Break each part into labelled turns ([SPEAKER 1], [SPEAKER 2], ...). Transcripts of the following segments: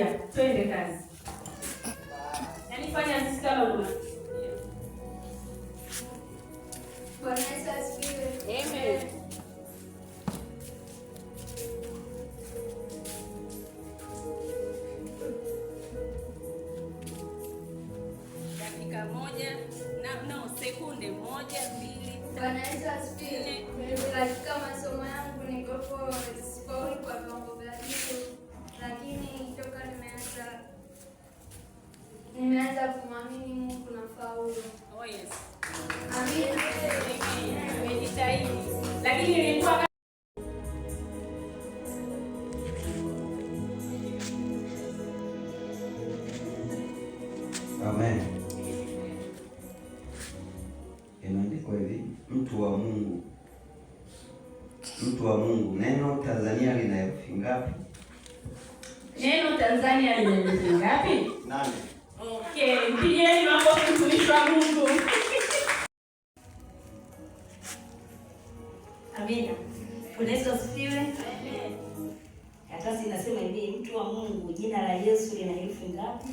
[SPEAKER 1] Haleluya, twende kazi. Yaani Bwana Yesu asifiwe. Amen. Dakika moja na no, moja
[SPEAKER 2] masomo yangu niko kwa viwango vya juu lakini furaha. Nimeanza kumwamini Mungu na faulu.
[SPEAKER 1] Oh yes.
[SPEAKER 3] Amen. Imeandikwa hivi, mtu wa Mungu. Mtu wa Mungu. Neno Tanzania lina elfu ngapi?
[SPEAKER 1] Neno Tanzania ni nyuzi ngapi? Nane. Okay, mpigieni makofi mtumishi wa Mungu. Amina. Bwana Yesu asifiwe. Karatasi inasema hivi, mtu wa Mungu, jina la Yesu lina herufi ngapi?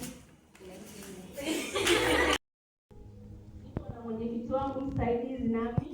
[SPEAKER 2] Na Mwenyekiti wangu msaidizi nami